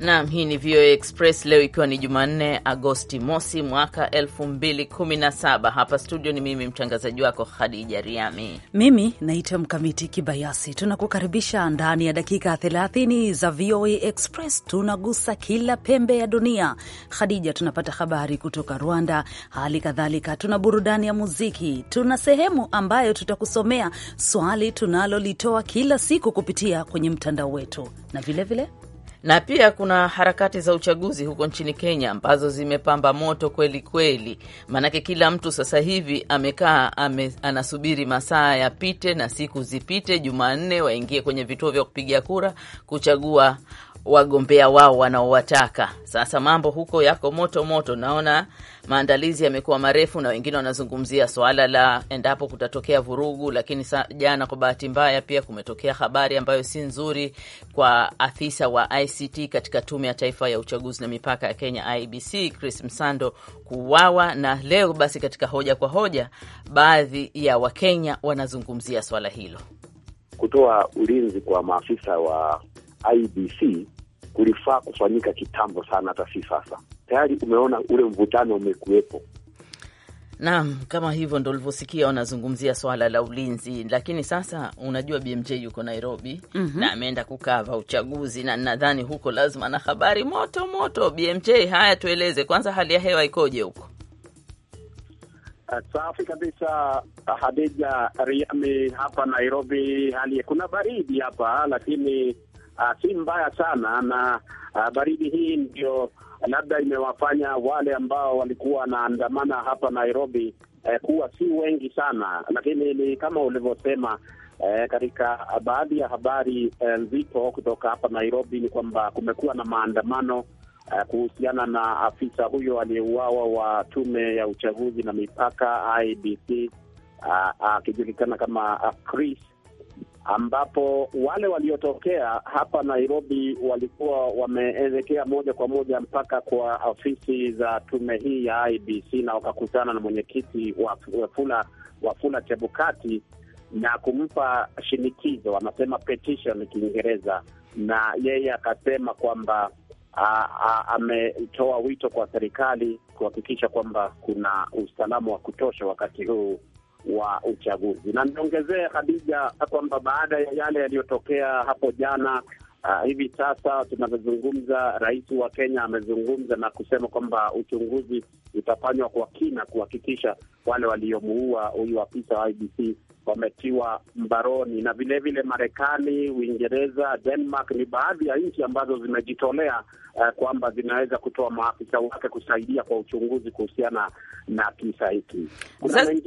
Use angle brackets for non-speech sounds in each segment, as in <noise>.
Naam, hii ni VOA Express leo ikiwa ni Jumanne, Agosti mosi mwaka elfu mbili kumi na saba. Hapa studio ni mimi mtangazaji wako Khadija Riami, mimi naitwa Mkamiti Kibayasi. Tunakukaribisha ndani ya dakika 30 za VOA Express. Tunagusa kila pembe ya dunia. Khadija, tunapata habari kutoka Rwanda, hali kadhalika tuna burudani ya muziki, tuna sehemu ambayo tutakusomea swali tunalolitoa kila siku kupitia kwenye mtandao wetu na vilevile vile? na pia kuna harakati za uchaguzi huko nchini Kenya ambazo zimepamba moto kweli kweli, maanake kila mtu sasa hivi amekaa ame, anasubiri masaa yapite na siku zipite, Jumanne waingie kwenye vituo vya kupiga kura kuchagua wagombea wao wanaowataka. Sasa mambo huko yako moto moto, naona maandalizi yamekuwa marefu, na wengine wanazungumzia swala la endapo kutatokea vurugu. Lakini jana kwa bahati mbaya pia kumetokea habari ambayo si nzuri kwa afisa wa ICT katika Tume ya Taifa ya Uchaguzi na Mipaka ya Kenya IBC, Chris Msando kuuawa. Na leo basi, katika hoja kwa hoja, baadhi ya Wakenya wanazungumzia swala hilo, kutoa ulinzi kwa maafisa wa IBC kulifaa kufanyika kitambo sana, hata si sasa. Tayari umeona ule mvutano umekuwepo. Naam, kama hivyo ndo ulivyosikia wanazungumzia swala la ulinzi, lakini sasa unajua BMJ yuko Nairobi mm -hmm. na ameenda kukava uchaguzi na nadhani huko lazima na habari moto moto. BMJ, haya tueleze kwanza, hali ya hewa ikoje huko? Ah, safi kabisa, Hadija Riami. Hapa Nairobi hali kuna baridi hapa, lakini uh, si mbaya sana na uh, baridi hii ndio labda imewafanya wale ambao walikuwa wanaandamana hapa Nairobi eh, kuwa si wengi sana, lakini ni kama ulivyosema eh, katika baadhi ya habari eh, nzito eh, kutoka hapa Nairobi ni kwamba kumekuwa na maandamano eh, kuhusiana na afisa huyo aliyeuawa wa tume ya uchaguzi na mipaka IBC ah, akijulikana ah, ah, kama ah, Chris ambapo wale waliotokea hapa Nairobi walikuwa wameelekea moja kwa moja mpaka kwa ofisi za tume hii ya IBC na wakakutana na mwenyekiti Wafula, Wafula Chebukati na kumpa shinikizo, anasema petition Kiingereza, na yeye akasema kwamba ametoa wito kwa serikali kuhakikisha kwamba kuna usalama wa kutosha wakati huu wa uchaguzi. Na niongezee Khadija, kwamba baada ya yale yaliyotokea hapo jana Uh, hivi sasa tunavyozungumza, rais wa Kenya amezungumza na kusema kwamba uchunguzi utafanywa kwa kina kuhakikisha wale waliomuua huyu afisa wa IBC wametiwa mbaroni, na vilevile Marekani, Uingereza, Denmark ni baadhi ya nchi ambazo zimejitolea uh, kwamba zinaweza kutoa maafisa wake kusaidia kwa uchunguzi kuhusiana na kisa hiki.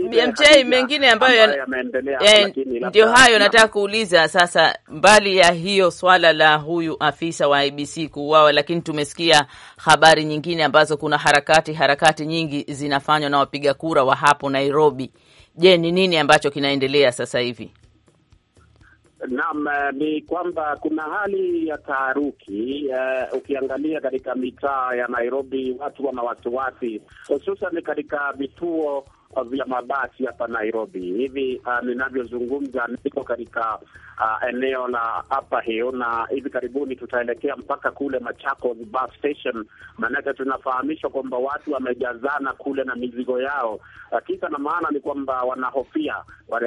BMJ mengine ambayo yameendelea, eh, ndio hayo nataka kuuliza sasa. Mbali ya hiyo swala la huyu afisa wa IBC kuuawa, lakini tumesikia habari nyingine ambazo kuna harakati harakati nyingi zinafanywa na wapiga kura wa hapo Nairobi Je, ni nini ambacho kinaendelea sasa hivi? Naam, eh, ni kwamba kuna hali ya taharuki. Uh, ukiangalia katika mitaa ya Nairobi watu wana wasiwasi, hususan katika vituo vya mabasi hapa Nairobi. Hivi uh, ninavyozungumza niko katika uh, eneo la Upper Hill, na hivi karibuni tutaelekea mpaka kule Machakos bus station, maanake tunafahamishwa kwamba watu wamejazana kule na mizigo yao. Uh, kisa na maana ni kwamba wanahofia,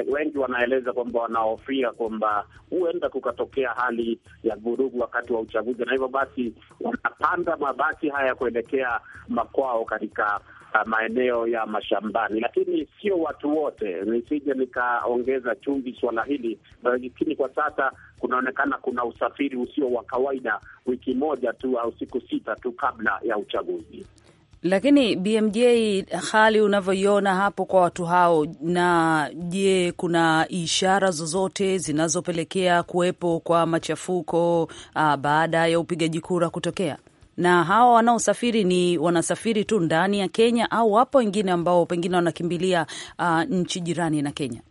wengi wanaeleza kwamba wanahofia kwamba huenda kukatokea hali ya vurugu wakati wa uchaguzi, na hivyo basi wanapanda mabasi haya kuelekea makwao katika uh, maeneo ya mashambani, lakini sio watu wote. Nisije nikaongeza chumvi swala hili, lakini kwa sasa kunaonekana kuna usafiri usio wa kawaida, wiki moja tu au siku sita tu kabla ya uchaguzi. Lakini BMJ, hali unavyoiona hapo kwa watu hao, na je, kuna ishara zozote zinazopelekea kuwepo kwa machafuko uh, baada ya upigaji kura kutokea? Na hawa wanaosafiri ni wanasafiri tu ndani ya Kenya au wapo wengine ambao pengine wanakimbilia uh, nchi jirani na Kenya?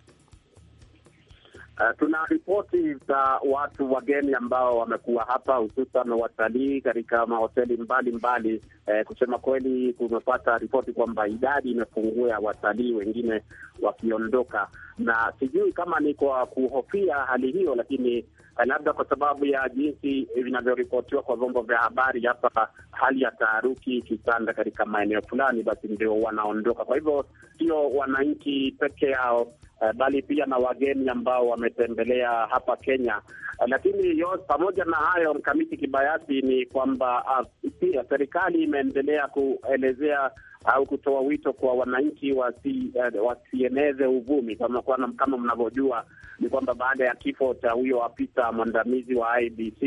Uh, tuna ripoti za watu wageni ambao wamekuwa hapa hususan watalii katika mahoteli mbalimbali. Eh, kusema kweli, kumepata ripoti kwamba idadi imepungua ya watalii wengine wakiondoka, na sijui kama ni kwa kuhofia hali hiyo, lakini Eh, labda kwa sababu ya jinsi vinavyoripotiwa kwa vyombo vya habari hapa, hali ya taharuki ikitanda katika maeneo fulani, basi ndio wanaondoka. Kwa hivyo sio wananchi peke yao Uh, bali pia na wageni ambao wametembelea hapa Kenya. Uh, lakini yo, pamoja na hayo mkamiti kibayasi ni kwamba uh, pia serikali imeendelea kuelezea au kutoa wito kwa wananchi wasi, uh, wasieneze uvumi kama, kama mnavyojua ni kwamba baada ya kifo cha huyo afisa mwandamizi wa IBC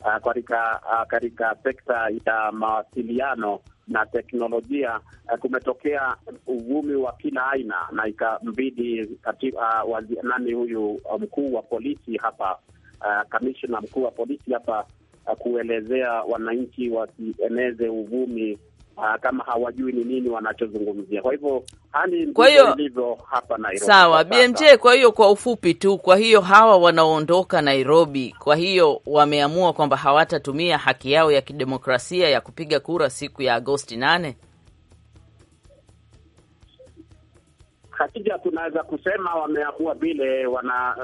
uh, eh, katika uh, katika sekta ya mawasiliano na teknolojia uh, kumetokea uvumi wa kila aina na ikambidi uh, nani huyu mkuu wa polisi hapa kamishna uh, mkuu wa polisi hapa uh, kuelezea wananchi wasieneze uvumi uh, kama hawajui ni nini wanachozungumzia. Kwa hivyo hali ndivyo ilivyo hapa Nairobi. Sawa BMJ. Kwa hiyo kwa ufupi tu, kwa hiyo hawa wanaoondoka Nairobi, kwa hiyo wameamua kwamba hawatatumia haki yao ya kidemokrasia ya kupiga kura siku ya Agosti nane. Hakika tunaweza kusema wameamua vile wana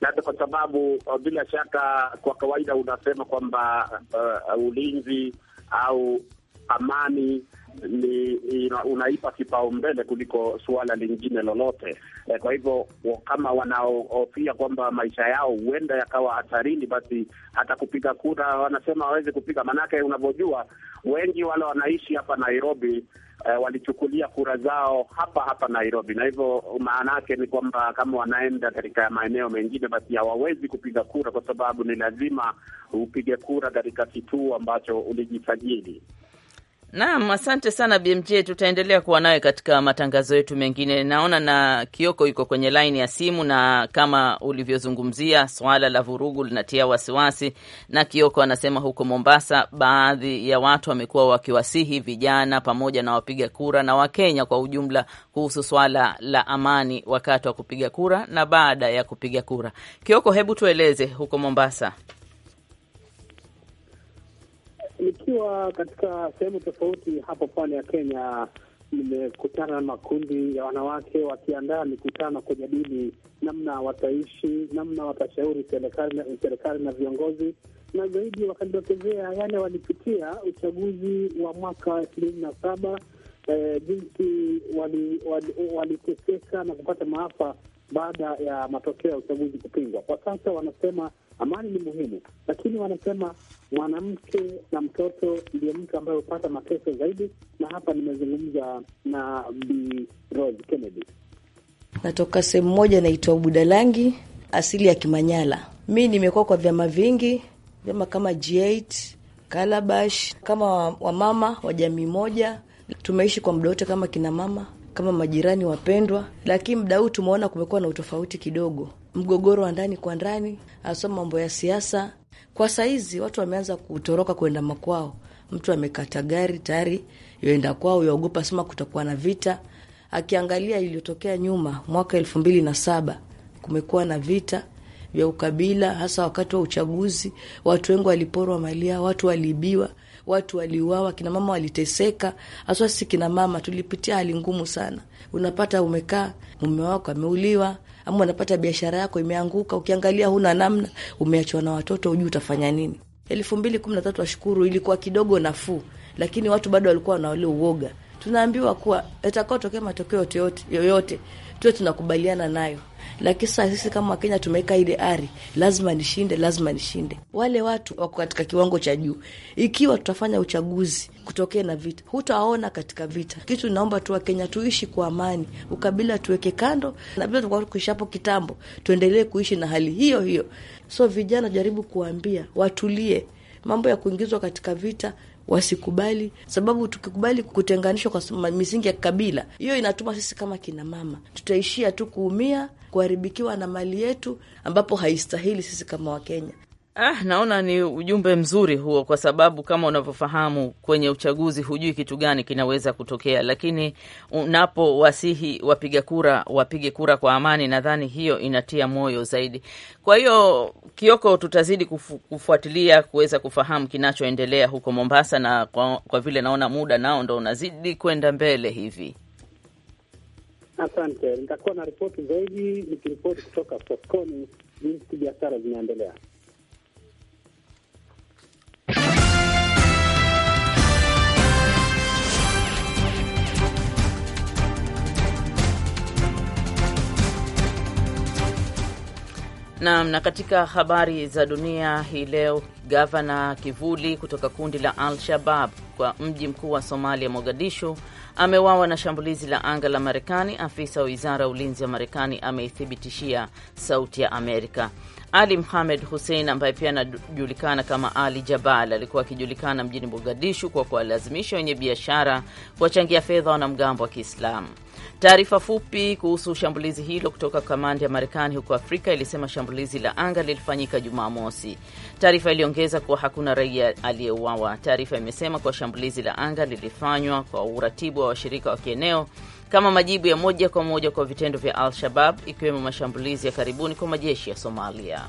labda, uh, kwa sababu uh, bila shaka, kwa kawaida unasema kwamba uh, uh ulinzi au amani ni, unaipa kipaumbele kuliko suala lingine lolote e. Kwa hivyo kama wanaohofia kwamba maisha yao huenda yakawa hatarini, basi hata kupiga kura wanasema hawezi kupiga, maanake unavyojua wengi wale wanaishi hapa Nairobi e, walichukulia kura zao hapa hapa Nairobi, na hivyo maana yake ni kwamba kama wanaenda katika maeneo mengine, basi hawawezi kupiga kura, kwa sababu ni lazima upige kura katika kituo ambacho ulijisajili. Naam, asante sana BMJ, tutaendelea kuwa nawe katika matangazo yetu mengine. Naona na Kioko yuko kwenye laini ya simu, na kama ulivyozungumzia swala la vurugu linatia wasiwasi, na Kioko anasema huko Mombasa baadhi ya watu wamekuwa wakiwasihi vijana pamoja na wapiga kura na Wakenya kwa ujumla kuhusu swala la amani wakati wa kupiga kura na baada ya kupiga kura. Kioko, hebu tueleze huko Mombasa. Nikiwa katika sehemu tofauti hapo pwani ya Kenya, nimekutana na makundi ya wanawake wakiandaa mikutano kujadili namna wataishi, namna watashauri serikali na viongozi, na zaidi wakanidokezea yale walipitia uchaguzi wa mwaka elfu na saba, eh, jinsi waliteseka na kupata maafa baada ya matokeo ya uchaguzi kupingwa. Kwa sasa wanasema Amani ni muhimu, lakini wanasema mwanamke na mtoto ndiyo mtu ambaye hupata mateso zaidi, na hapa nimezungumza na Bi Rose Kennedy. Natoka sehemu moja naitwa Budalangi, asili ya Kimanyala. Mi nimekuwa kwa vyama vingi, vyama kama G8, Kalabash, kama wamama wa jamii moja. Tumeishi kwa muda wote kama kinamama, kama majirani wapendwa, lakini muda huu tumeona kumekuwa na utofauti kidogo mgogoro wa ndani kwa ndani, anasoma mambo ya siasa. Kwa saizi watu wameanza kutoroka kwenda makwao. Mtu amekata gari tayari yoenda kwao, yaogopa sema kutakuwa na vita. Akiangalia iliyotokea nyuma, mwaka elfu mbili na saba kumekuwa na vita vya ukabila, hasa wakati wa uchaguzi. Watu wengi waliporwa mali yao, watu waliibiwa, watu waliuawa, kinamama waliteseka, haswa sisi kinamama tulipitia hali ngumu sana. Unapata umekaa mume wako ameuliwa, ama unapata biashara yako imeanguka, ukiangalia huna namna, umeachwa na watoto, hujui utafanya nini. Elfu mbili kumi na tatu washukuru, ilikuwa kidogo nafuu, lakini watu bado walikuwa na uoga. Tunaambiwa kuwa tokea matokeo yoyote, tuwe tunakubaliana nayo. Lakini sasa sisi kama Wakenya tumeweka ile ari, lazima nishinde, lazima nishinde. Wale watu wako katika kiwango cha juu. Ikiwa tutafanya uchaguzi kutokea na vita, hutaona katika vita. Kitu naomba tu Wakenya tuishi kwa amani, ukabila tuweke kando, na vile tulikuwa kuishi hapo kitambo, tuendelee kuishi na hali hiyo hiyo. So vijana, jaribu kuwaambia watulie, mambo ya kuingizwa katika vita wasikubali, sababu tukikubali kutenganishwa kwa misingi ya kabila, hiyo inatuma sisi kama kina mama tutaishia tu kuumia, kuharibikiwa na mali yetu, ambapo haistahili sisi kama Wakenya. Ah, naona ni ujumbe mzuri huo, kwa sababu kama unavyofahamu kwenye uchaguzi hujui kitu gani kinaweza kutokea, lakini unapowasihi wapiga kura wapige kura kwa amani, nadhani hiyo inatia moyo zaidi. Kwa hiyo, Kioko, tutazidi kufu, kufuatilia kuweza kufahamu kinachoendelea huko Mombasa, na kwa, kwa vile naona muda nao ndo unazidi kwenda mbele hivi. Asante, nitakuwa na ripoti zaidi nikiripoti kutoka sokoni, jinsi biashara zinaendelea. Naam, na katika habari za dunia hii leo, gavana kivuli kutoka kundi la Al-Shabab kwa mji mkuu wa Somalia, Mogadishu, amewawa na shambulizi la anga la Marekani. Afisa wa wizara ya ulinzi wa Marekani ameithibitishia Sauti ya Amerika. Ali mhamed Hussein ambaye pia anajulikana kama Ali Jabal alikuwa akijulikana mjini Mogadishu kwa kuwalazimisha wenye biashara kuwachangia fedha wanamgambo wa Kiislamu. Taarifa fupi kuhusu shambulizi hilo kutoka kamandi ya Marekani huko Afrika ilisema shambulizi la anga lilifanyika Jumamosi. Taarifa iliongeza kuwa hakuna raia aliyeuawa. Taarifa imesema kuwa shambulizi la anga lilifanywa kwa uratibu wa washirika wa kieneo kama majibu ya moja kwa moja kwa vitendo vya Al-Shabab ikiwemo mashambulizi ya karibuni kwa majeshi ya Somalia.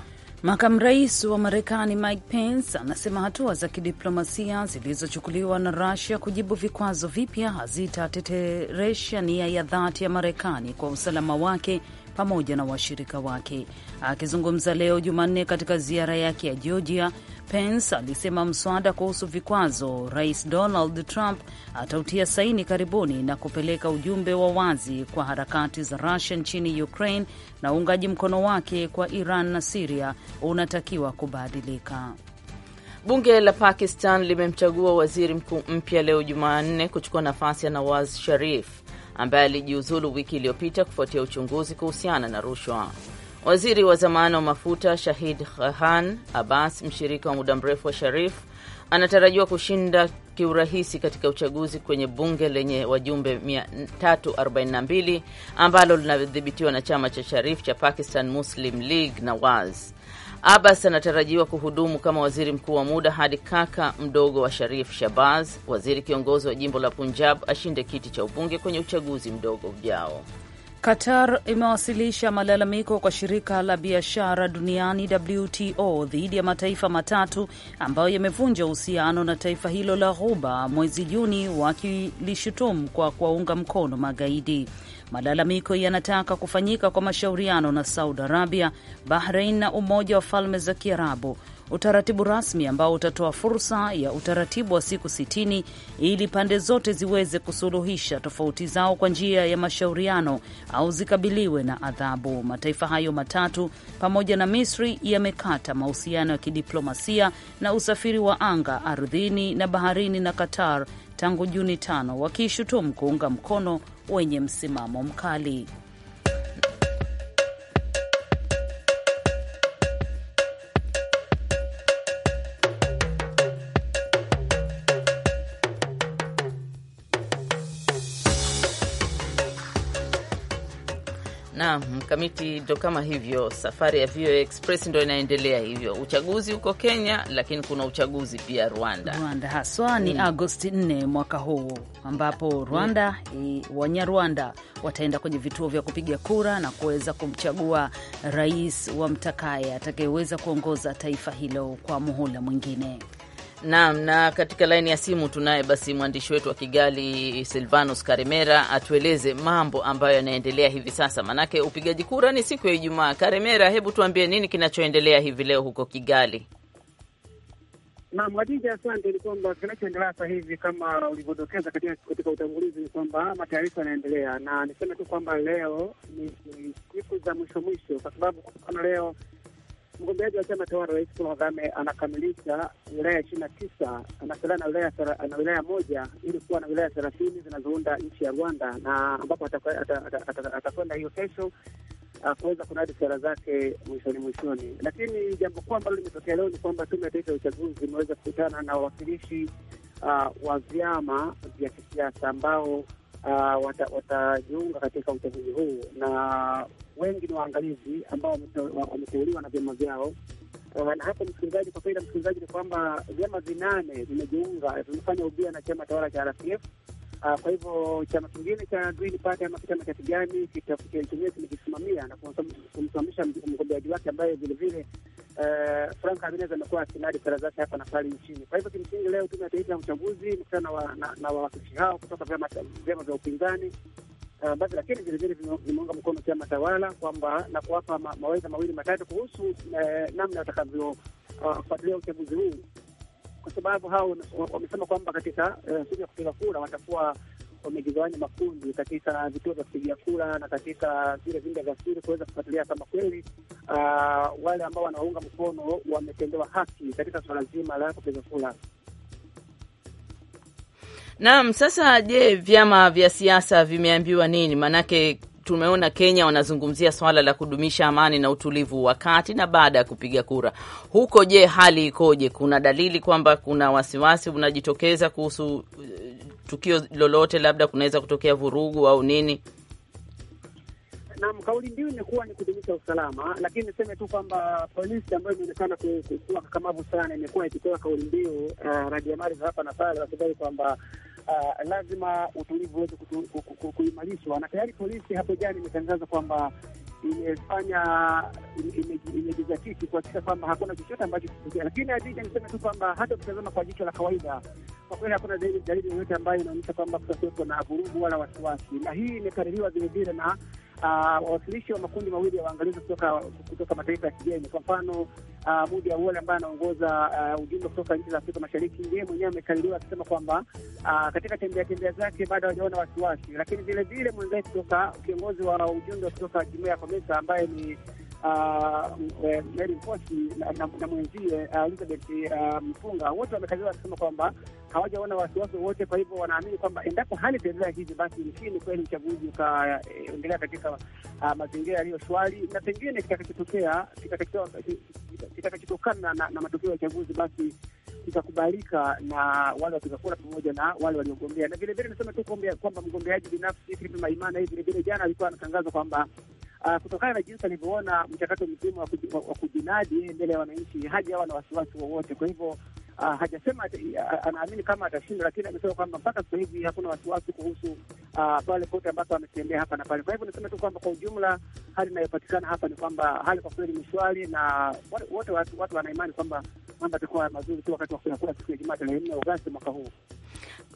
Makamu rais wa Marekani Mike Pence anasema hatua za kidiplomasia zilizochukuliwa na Rusia kujibu vikwazo vipya hazitateteresha nia ya dhati ya Marekani kwa usalama wake pamoja na washirika wake. Akizungumza leo Jumanne katika ziara yake ya Georgia, Pence alisema mswada kuhusu vikwazo Rais Donald Trump atautia saini karibuni na kupeleka ujumbe wa wazi kwa harakati za Rusia nchini Ukraine na uungaji mkono wake kwa Iran na Siria unatakiwa kubadilika. Bunge la Pakistan limemchagua waziri mkuu mpya leo Jumanne kuchukua nafasi ya Nawaz Sharif ambaye alijiuzulu wiki iliyopita kufuatia uchunguzi kuhusiana na rushwa. Waziri wa zamani wa mafuta Shahid Khan Abbas, mshirika wa muda mrefu wa Sharif, anatarajiwa kushinda kiurahisi katika uchaguzi kwenye bunge lenye wajumbe 342 ambalo linadhibitiwa na chama cha Sharif cha Pakistan Muslim League Nawaz. Abbas anatarajiwa kuhudumu kama waziri mkuu wa muda hadi kaka mdogo wa Sharif Shabaz, waziri kiongozi wa jimbo la Punjab, ashinde kiti cha ubunge kwenye uchaguzi mdogo ujao. Qatar imewasilisha malalamiko kwa shirika la biashara duniani WTO dhidi ya mataifa matatu ambayo yamevunja uhusiano na taifa hilo la Ghuba mwezi Juni, wakilishutumu kwa kuwaunga mkono magaidi. Malalamiko yanataka kufanyika kwa mashauriano na Saudi Arabia, Bahrain na Umoja wa Falme za Kiarabu utaratibu rasmi ambao utatoa fursa ya utaratibu wa siku sitini ili pande zote ziweze kusuluhisha tofauti zao kwa njia ya mashauriano au zikabiliwe na adhabu. Mataifa hayo matatu pamoja na Misri yamekata mahusiano ya kidiplomasia na usafiri wa anga, ardhini na baharini na Qatar tangu Juni tano, wakiishutumu kuunga mkono wenye msimamo mkali. Naam, mkamiti ndo kama hivyo, safari ya VOA Express ndo inaendelea hivyo. Uchaguzi huko Kenya, lakini kuna uchaguzi pia Rwanda. Rwanda haswa ni mm. Agosti 4 mwaka huu, ambapo mm. Rwanda mm. Wanyarwanda wataenda kwenye vituo vya kupiga kura na kuweza kumchagua rais wa mtakaye atakayeweza kuongoza taifa hilo kwa muhula mwingine. Naam, na katika laini ya simu tunaye basi mwandishi wetu wa Kigali Silvanus Karemera atueleze mambo ambayo yanaendelea hivi sasa, maanake upigaji kura ni siku ya Ijumaa. Karemera, hebu tuambie nini kinachoendelea hivi leo huko Kigali? Naam, asante. Ni kwamba kinachoendelea sasa hivi kama ulivyodokeza katika, katika utangulizi ni kwamba mataarifa yanaendelea, na niseme tu kwamba leo ni siku za mwisho mwisho, kwa sababu mfano leo mgombeaji wa chama tawala Rais Paul Kagame anakamilisha wilaya ishirini na tisa anasalia na wilaya na wilaya moja ili kuwa na wilaya thelathini zinazounda nchi ya Rwanda, na ambapo atakwenda hiyo kesho uh, kuweza kunadi sera zake mwishoni mwishoni. Lakini jambo kuu ambalo limetokea leo ni kwamba Tume ya Taifa ya Uchaguzi imeweza kukutana na wawakilishi uh, wa vyama vya kisiasa ambao uh, watajiunga wata katika uchaguzi huu, na wengi ni waangalizi ambao wameteuliwa na vyama vyao. Ah, na hapo, msikilizaji, kwa faida msikilizaji, ni kwamba vyama vinane vimejiunga, vimefanya ubia na chama tawala cha RPF. Uh, ah, kwa hivyo chama kingine cha Green Party ama chama cha kijani chenyewe kimekisimamia na kumsimamisha mgombeaji wake ambaye vilevile eh, Frank Habinez amekuwa akinadi sera zake hapa na pale nchini. Kwa hivyo kimsingi, leo tume ya taifa ya uchaguzi mkutana na wawakilishi hao kutoka vyama vya upinzani eh, basi lakini vilevile vimeunga mkono chama tawala kwamba na kuwapa mawaidha mawili matatu kuhusu eh, namna watakavyofuatilia eh, uchaguzi huu, kwa sababu hao wamesema kwamba katika siku ya kupiga kura watakuwa wamejigawanya makundi katika vituo vya kupigia kura na katika vile vinda vya siri kuweza kufuatilia kama kweli uh, wale ambao wanaunga mkono wametendewa haki katika swala zima la kupiga kura. Naam, sasa je, vyama vya siasa vimeambiwa nini? Maanake tumeona Kenya wanazungumzia swala la kudumisha amani na utulivu wakati na baada ya kupiga kura. Huko je, hali ikoje? Kuna dalili kwamba kuna wasiwasi unajitokeza kuhusu eh, tukio lolote, labda kunaweza kutokea vurugu au nini? Naam, kauli mbiu imekuwa ni kudumisha usalama, lakini niseme tu kwamba polisi ambayo imeonekana kuwa kakamavu sana imekuwa ikitoa kauli mbiu uh, eh, radiamali za hapa na pale, wakidai kwamba uh, lazima utulivu uweze kuimarishwa, na tayari polisi hapo jana imetangaza kwamba imefanya imejizatiti kuhakikisha kwamba hakuna chochote ambacho kitatokea. Lakini Adija, niseme tu kwamba hata ukitazama kwa jicho la kawaida kwa kweli hakuna dalili yoyote ambayo inaonyesha kwamba kutakuwepo na vurugu wala wasiwasi, na hii imekaririwa vilevile na uh, wawakilishi wa makundi mawili ya waangalizi kutoka kutoka mataifa ya kigeni. Kwa mfano, uh, Mudi ya Uole ambaye anaongoza uh, ujumbe kutoka nchi za Afrika Mashariki, yeye mwenyewe amekaririwa akisema kwamba katika tembea tembea zake bado hawajaona wasiwasi, lakini vilevile vile mwenzake kutoka kiongozi wa ujumbe kutoka jumuiya ya Komesa ambaye ni eh, Mary Mposi na mwenzie Elizabeth Mfunga wote wamekaririwa wakisema kwamba hawajaona wasiwasi wowote. Kwa hivyo wanaamini kwamba endapo hali itaendelea hivi, basi nchini kweli uchaguzi ukaendelea katika uh, mazingira yaliyo shwari, na pengine kitakachotokea kitakachotokana na, na matokeo ya uchaguzi basi kitakubalika na wale wapiga kura pamoja na wale waliogombea. Na vilevile niseme tu kwamba mgombeaji binafsi Philip Maimana hii vilevile jana alikuwa anatangaza kwamba Uh, kutokana na jinsi alivyoona mchakato mzima wa kujinadi mbele ya wananchi, hajawa na wasiwasi wowote. Kwa hivyo Uh, hajasema uh, anaamini kama atashinda, lakini amesema kwamba mpaka sasa hivi hakuna wasiwasi kuhusu uh, pale kote ambapo ametembea hapa na pale. Kwa hivyo nasema tu kwamba kwa ujumla hali inayopatikana hapa ni kwamba hali kwa kweli ni shwari, na wote watu watu wanaimani kwamba mambo atakuwa mazuri tu wakati wa kupiga kura siku ya Jumaa tarehe nne Agosti mwaka huu.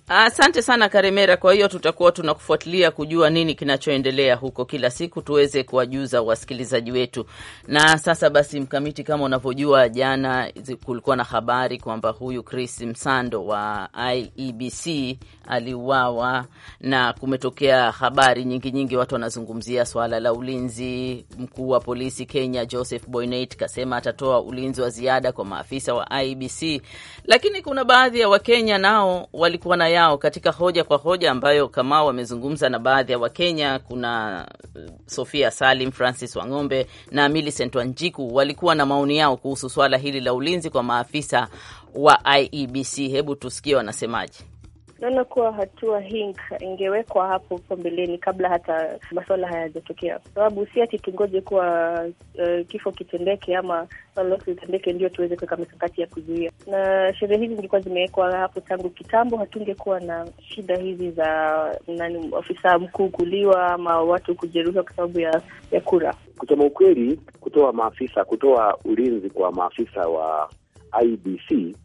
Asante sana Karemera. Kwa hiyo tutakuwa tunakufuatilia kujua nini kinachoendelea huko kila siku, tuweze kuwajuza wasikilizaji wetu. Na sasa basi, Mkamiti, kama unavyojua, jana kulikuwa na habari kwamba huyu Chris Msando wa IEBC aliuawa, na kumetokea habari nyingi nyingi, watu wanazungumzia swala la ulinzi. Mkuu wa polisi Kenya Joseph Boynet kasema atatoa ulinzi wa ziada kwa maafisa wa IEBC, lakini kuna baadhi ya Wakenya nao walikuwa na yao katika hoja kwa hoja ambayo kama wamezungumza na baadhi ya Wakenya. Kuna eh, Sofia Salim, Francis Wang'ombe na Millicent Wanjiku walikuwa na maoni yao kuhusu swala hili la ulinzi kwa maafisa wa IEBC. Hebu tusikie wanasemaje. Naona kuwa hatua hii ingewekwa hapo huko mbeleni kabla hata maswala hayajatokea, kwa sababu si ati tungoje kuwa uh, kifo kitendeke ama lolote litendeke ndio tuweze kuweka mikakati ya kuzuia. Na sheria hizi zingekuwa zimewekwa hapo tangu kitambo, hatungekuwa na shida hizi za nani, ofisa mkuu kuliwa ama watu kujeruhiwa kwa sababu ya, ya kura. Kusema ukweli, kutoa maafisa, kutoa ulinzi kwa maafisa wa IBC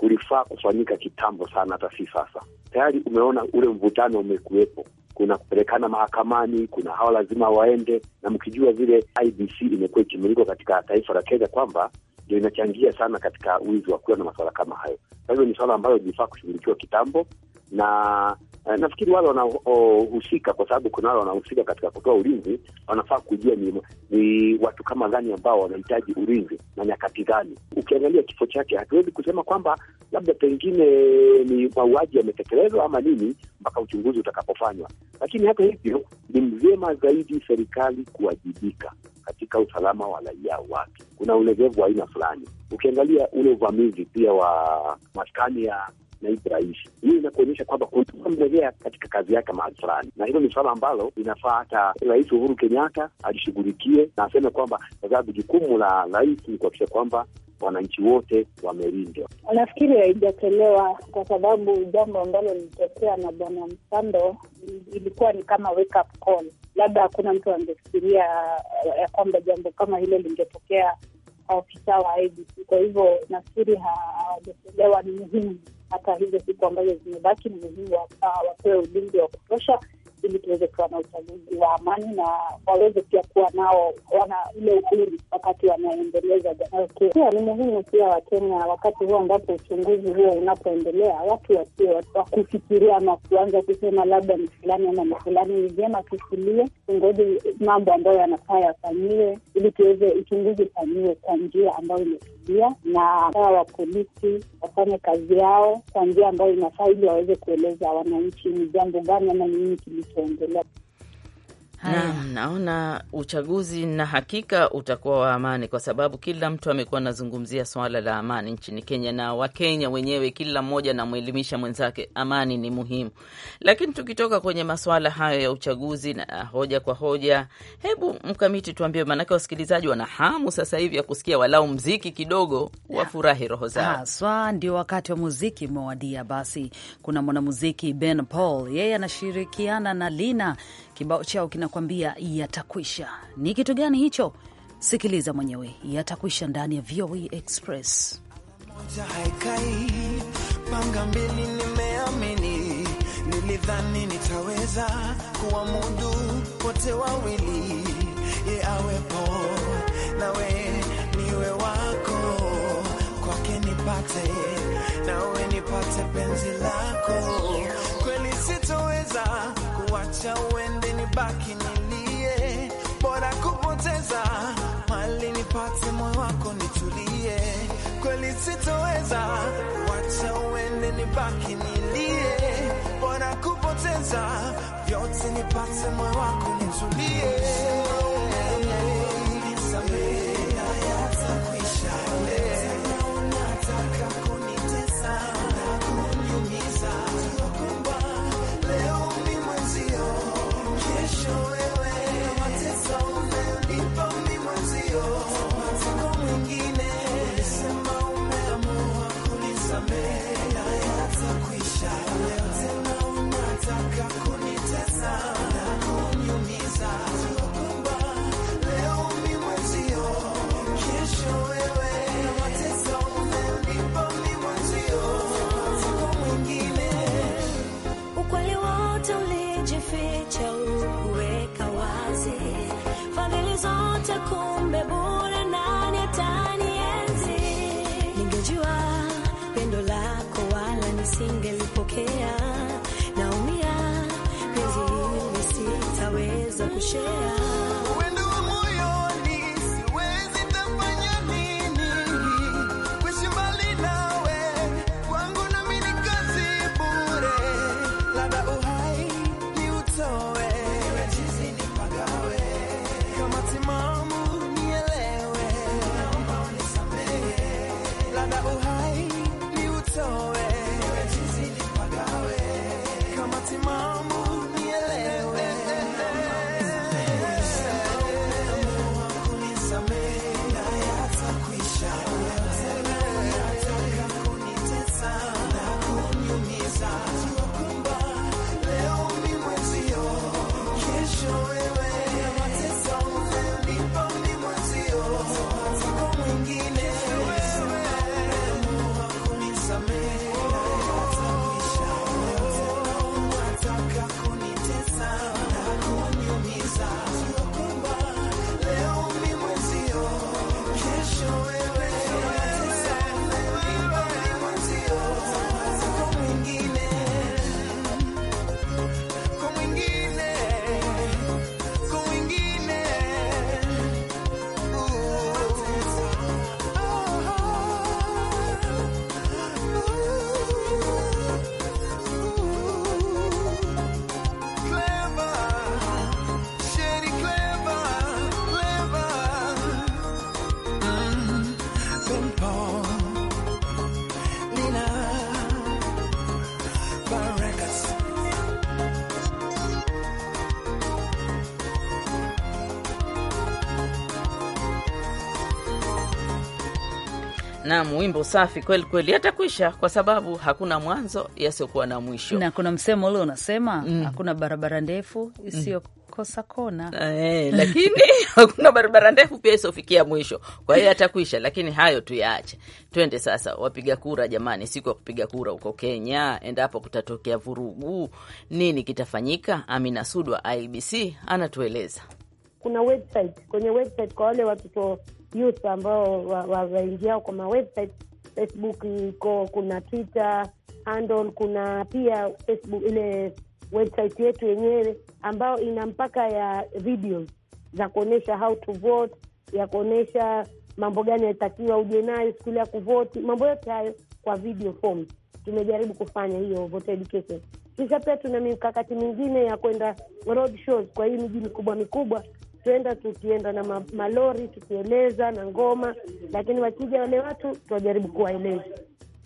kulifaa kufanyika kitambo sana, hata si sasa. Tayari umeona ule mvutano umekuwepo, kuna kupelekana mahakamani, kuna hawa lazima waende, na mkijua vile IBC imekuwa ikimulikwa katika taifa la Kenya kwamba ndio inachangia sana katika wizi wa kura na masuala kama hayo. Kwa hivyo ni swala ambayo ilifaa kushughulikiwa kitambo, na eh, nafikiri wale wanaohusika, kwa sababu kuna wale wanahusika katika kutoa ulinzi, wanafaa kujua ni, ni watu kama gani ambao wanahitaji ulinzi na nyakati gani. Ukiangalia kifo chake, hatuwezi kusema kwamba labda pengine ni mauaji yametekelezwa ama nini mpaka uchunguzi utakapofanywa. Lakini hata hivyo, ni mzema zaidi serikali kuwajibika katika usalama wa raia wake. Kuna ulegevu wa aina fulani. Ukiangalia ule uvamizi pia wa maskani ya na hivi Hiyo inakuonyesha kwamba kunamlegea katika kazi yake mahali fulani, na hilo ni suala ambalo inafaa hata Rais Uhuru Kenyatta alishughulikie na aseme kwamba, kwa sababu jukumu la rais ni kuhakikisha kwamba wananchi wote wamelindwa. Nafikiri haijatolewa kwa sababu jambo ambalo lilitokea na bwana Msando ilikuwa ni kama wake up call. Labda hakuna mtu angefikiria uh, ya kwamba jambo kama hilo lingetokea afisa wa IBC. Kwa hivyo nafikiri hawajatolewa, ni muhimu hata hizo siku ambazo zimebaki ni muhimu wapewe ulinzi wa kutosha ili tuweze kuwa na uchaguzi wa amani na waweze pia kuwa nao wana ule uhuru wakati wanaendeleza Pia Ni muhimu pia Wakenya wakati huo ambapo uchunguzi huo unapoendelea, watu wasio wakufikiria ama kuanza kusema labda ni fulani ama ni fulani. Ni vyema tusilie, tungoje mambo ambayo yanafaa yafanyiwe, ili tuweze uchunguzi ufanyiwe kwa njia ambayo imetulia, na aa wa polisi wafanye kazi yao kwa njia ambayo inafaa, ili waweze kueleza wananchi ni jambo gani ama ni nini 嗯，对。naona uchaguzi na hakika utakuwa wa amani, kwa sababu kila mtu amekuwa anazungumzia swala la amani nchini Kenya, na Wakenya wenyewe kila mmoja anamwelimisha mwenzake amani ni muhimu. Lakini tukitoka kwenye maswala hayo ya uchaguzi na hoja kwa hoja, hebu Mkamiti tuambie, maanake wasikilizaji wana hamu sasa hivi ya kusikia walau mziki kidogo, wafurahi roho zao haswa. Ndio wakati wa muziki umewadia. Basi kuna mwanamuziki Ben Paul, yeye anashirikiana na Lina Kibao chao kinakwambia yatakwisha. Ni kitu gani hicho? Sikiliza mwenyewe, yatakwisha ndani ya VOA e Express. Haikai panga mbili, nimeamini nilidhani nitaweza kuwamudu wote wawili, ye awepo nawe niwe wako kwake, nipate nawe nipate penzi lako kweli, sitoweza kuwacha we baki nilie, bora kupoteza mali nipate moyo wako nitulie, kweli sitoweza wacha uende, nibaki nilie, bora kupoteza vyote nipate moyo wako nitulie Naam, wimbo safi kweli kweli, hata yatakwisha kwa sababu hakuna mwanzo yasiokuwa na mwisho, na kuna msemo ule unasema mm. hakuna barabara ndefu isiyo mm. kosa kona eh, lakini <laughs> hakuna barabara ndefu pia isofikia mwisho. Kwa hiyo atakwisha, lakini hayo tuyaache, twende sasa. Wapiga kura jamani, siku ya kupiga kura huko Kenya, endapo kutatokea vurugu, nini kitafanyika? Amina Sudwa, IBC, anatueleza. Kuna website, kwenye website kwa wale watoto youth ambao waingiao wa, wa kwa mawebsite Facebook iko kuna Twitter handle, kuna pia Facebook ile website yetu yenyewe ambayo ina mpaka ya videos za kuonyesha how to vote, ya kuonyesha mambo gani yanatakiwa uje nayo siku ya kuvoti, mambo yote hayo kwa video form. Tumejaribu kufanya hiyo voter education, kisha pia tuna mikakati mingine ya kwenda road shows kwa hii miji mikubwa mikubwa tuenda tukienda na ma, malori tukieleza na ngoma, lakini wakija wale watu tuwajaribu kuwaeleza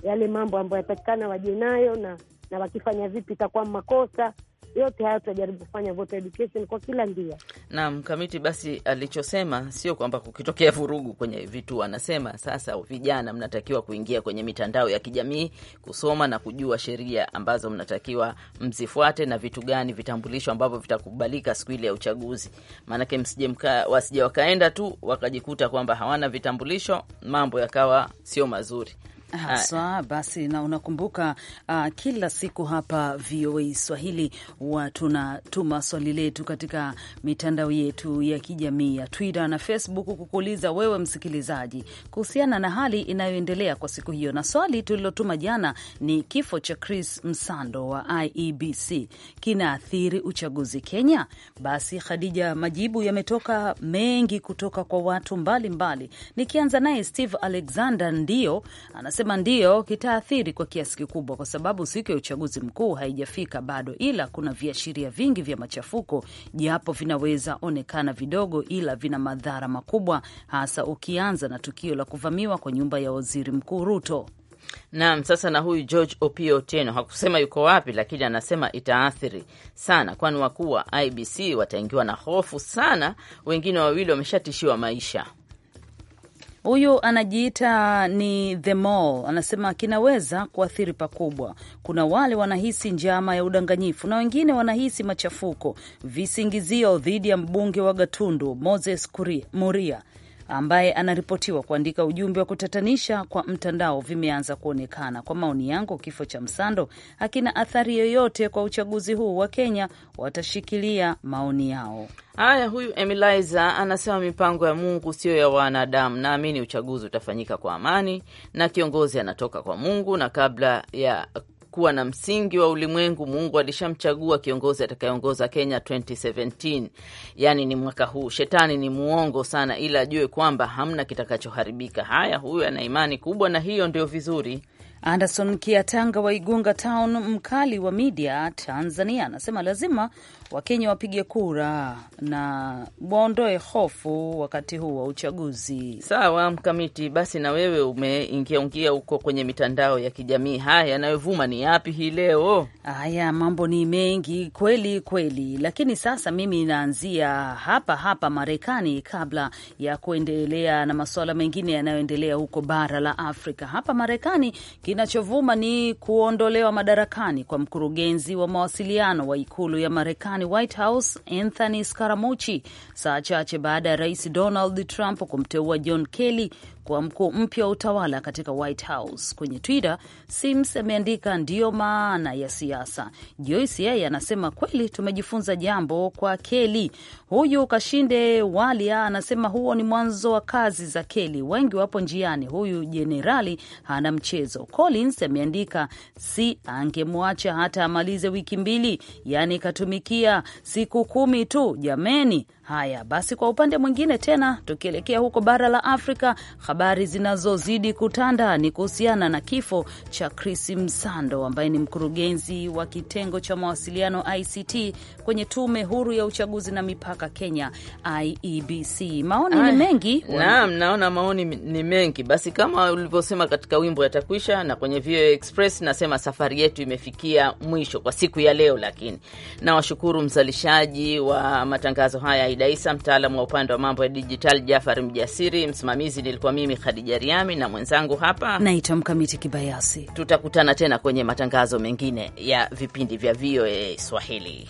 yale mambo ambayo yapatikana waje nayo na na wakifanya vipi itakuwa makosa yote hayo tutajaribu kufanya voter education kwa kila njia. Naam, Kamiti, basi alichosema sio kwamba kukitokea vurugu kwenye vituo, anasema sasa vijana mnatakiwa kuingia kwenye mitandao ya kijamii kusoma na kujua sheria ambazo mnatakiwa mzifuate na vitu gani, vitambulisho ambavyo vitakubalika siku ile ya uchaguzi, maanake msije wasije wakaenda tu wakajikuta kwamba hawana vitambulisho, mambo yakawa sio mazuri haswa. Basi na unakumbuka, uh, kila siku hapa VOA Swahili huwa tunatuma swali letu katika mitandao yetu ya kijamii ya Twitter na Facebook kukuuliza wewe msikilizaji kuhusiana na hali inayoendelea kwa siku hiyo, na swali tulilotuma jana ni kifo cha Chris Msando wa IEBC kinaathiri uchaguzi Kenya? Basi Khadija, majibu yametoka mengi kutoka kwa watu mbalimbali mbali. Nikianza naye Steve Alexander, ndio anasema anasema ndiyo, kitaathiri kwa kiasi kikubwa, kwa sababu siku ya uchaguzi mkuu haijafika bado, ila kuna viashiria vingi vya machafuko, japo vinaweza onekana vidogo, ila vina madhara makubwa, hasa ukianza na tukio la kuvamiwa kwa nyumba ya waziri mkuu Ruto. Naam, sasa na huyu George Opio Teno hakusema yuko wapi, lakini anasema itaathiri sana, kwani wakuu wa IBC wataingiwa na hofu sana. Wengine wawili wameshatishiwa maisha. Huyu anajiita ni the mall, anasema kinaweza kuathiri pakubwa. Kuna wale wanahisi njama ya udanganyifu na wengine wanahisi machafuko, visingizio dhidi ya mbunge wa Gatundu Moses Muria ambaye anaripotiwa kuandika ujumbe wa kutatanisha kwa mtandao vimeanza kuonekana. Kwa maoni yangu, kifo cha Msando hakina athari yoyote kwa uchaguzi huu wa Kenya. Watashikilia maoni yao. Haya, huyu Emiliza anasema mipango ya Mungu siyo ya wanadamu. Naamini uchaguzi utafanyika kwa amani, na kiongozi anatoka kwa Mungu, na kabla ya kuwa na msingi wa ulimwengu, Mungu alishamchagua kiongozi atakayeongoza Kenya 2017, yani ni mwaka huu. Shetani ni muongo sana, ila ajue kwamba hamna kitakachoharibika. Haya, huyu ana imani kubwa, na hiyo ndio vizuri. Anderson Kiatanga wa Igunga Town, mkali wa media Tanzania, anasema lazima Wakenya wapige kura na waondoe hofu wakati huu wa uchaguzi. Sawa Mkamiti, basi na wewe umeingiaungia huko kwenye mitandao ya kijamii, haya yanayovuma ni yapi hii leo? Haya, mambo ni mengi kweli kweli, lakini sasa mimi naanzia hapa hapa Marekani kabla ya kuendelea na masuala mengine yanayoendelea huko bara la Afrika. Hapa Marekani kinachovuma ni kuondolewa madarakani kwa mkurugenzi wa mawasiliano wa ikulu ya Marekani Marekani, White House, Anthony Scaramucci, saa chache baada ya rais Donald Trump kumteua John Kelly kwa mkuu mpya wa utawala katika White House. Kwenye Twitter, Sims ameandika ndiyo maana ya siasa. Joyce yeye anasema kweli tumejifunza jambo kwa Keli. Huyu Kashinde Walia anasema huo ni mwanzo wa kazi za Keli, wengi wapo njiani, huyu jenerali hana mchezo. Collins ameandika si angemwacha hata amalize wiki mbili, yaani ikatumikia siku kumi tu, jameni Haya basi, kwa upande mwingine tena, tukielekea huko bara la Afrika, habari zinazozidi kutanda ni kuhusiana na kifo cha Chris Msando ambaye ni mkurugenzi wa kitengo cha mawasiliano ICT kwenye Tume Huru ya Uchaguzi na Mipaka Kenya, IEBC. Maoni ni mengi. Naam, naona maoni ni mengi. Basi kama ulivyosema katika wimbo yatakwisha, na kwenye VOA Express nasema safari yetu imefikia mwisho kwa siku ya leo, lakini nawashukuru mzalishaji wa matangazo haya Aida Isa, mtaalamu wa upande wa mambo ya dijitali Jafari Mjasiri, msimamizi nilikuwa mimi Khadija Riami na mwenzangu hapa naitwa Mkamiti Kibayasi. Tutakutana tena kwenye matangazo mengine ya vipindi vya VOA Swahili.